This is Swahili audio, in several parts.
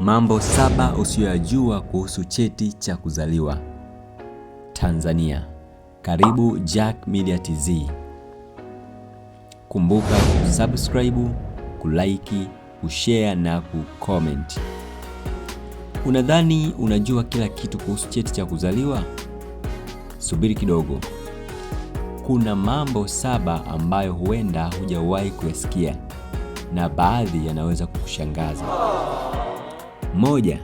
Mambo saba usiyoyajua kuhusu cheti cha kuzaliwa. Tanzania. Karibu Jack Media TZ. Kumbuka kusubscribe, kulike, kushare na kucomment. Unadhani unajua kila kitu kuhusu cheti cha kuzaliwa? Subiri kidogo. Kuna mambo saba ambayo huenda hujawahi kuyasikia na baadhi yanaweza kukushangaza. Moja,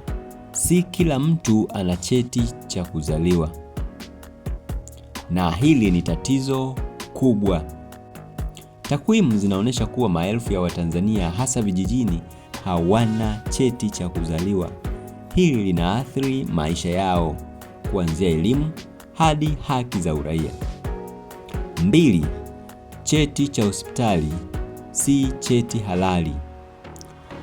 si kila mtu ana cheti cha kuzaliwa, na hili ni tatizo kubwa. Takwimu zinaonyesha kuwa maelfu ya Watanzania hasa vijijini hawana cheti cha kuzaliwa. Hili linaathiri maisha yao kuanzia elimu hadi haki za uraia. Mbili, cheti cha hospitali si cheti halali.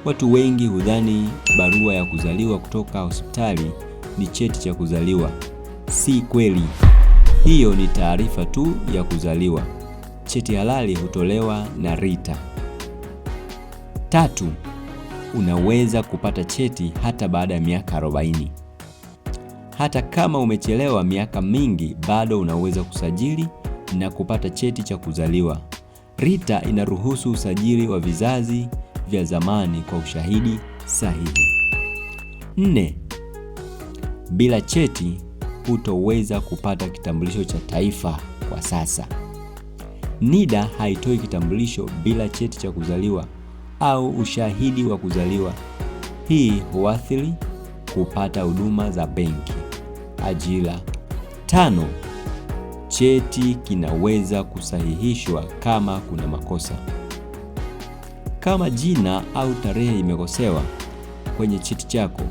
Watu wengi hudhani barua ya kuzaliwa kutoka hospitali ni cheti cha kuzaliwa. Si kweli, hiyo ni taarifa tu ya kuzaliwa. Cheti halali hutolewa na RITA. Tatu, unaweza kupata cheti hata baada ya miaka 40. Hata kama umechelewa miaka mingi, bado unaweza kusajili na kupata cheti cha kuzaliwa. RITA inaruhusu usajili wa vizazi vya zamani kwa ushahidi sahihi. Nne, bila cheti hutoweza kupata kitambulisho cha taifa kwa sasa. NIDA haitoi kitambulisho bila cheti cha kuzaliwa au ushahidi wa kuzaliwa. Hii huathiri kupata huduma za benki, ajira. Tano, cheti kinaweza kusahihishwa kama kuna makosa. Kama jina au tarehe imekosewa kwenye cheti chako,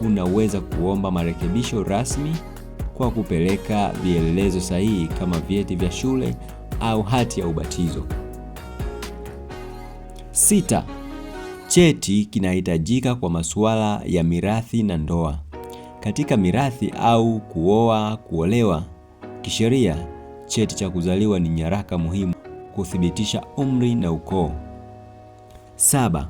unaweza kuomba marekebisho rasmi kwa kupeleka vielelezo sahihi kama vyeti vya shule au hati ya ubatizo. Sita, cheti kinahitajika kwa masuala ya mirathi na ndoa. Katika mirathi au kuoa, kuolewa, kisheria cheti cha kuzaliwa ni nyaraka muhimu kuthibitisha umri na ukoo. Saba,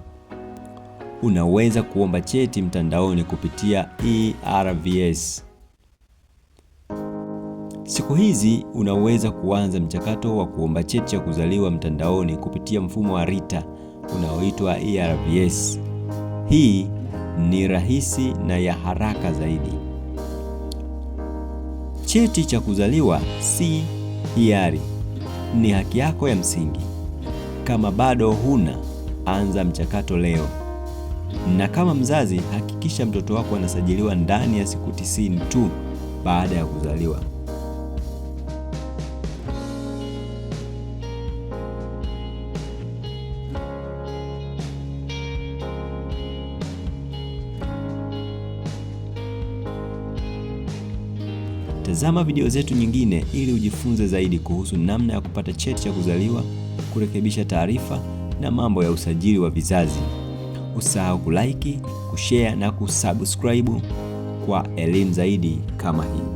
unaweza kuomba cheti mtandaoni kupitia ERVS. Siku hizi unaweza kuanza mchakato wa kuomba cheti cha kuzaliwa mtandaoni kupitia mfumo wa RITA unaoitwa ERVS. Hii ni rahisi na ya haraka zaidi. Cheti cha kuzaliwa si hiari, ni haki yako ya msingi. Kama bado huna anza mchakato leo. Na kama mzazi, hakikisha mtoto wako anasajiliwa ndani ya siku tisini tu baada ya kuzaliwa. Tazama video zetu nyingine ili ujifunze zaidi kuhusu namna ya kupata cheti cha kuzaliwa, kurekebisha taarifa na mambo ya usajili wa vizazi. Usahau kulike, kushare na kusubscribe kwa elimu zaidi kama hii.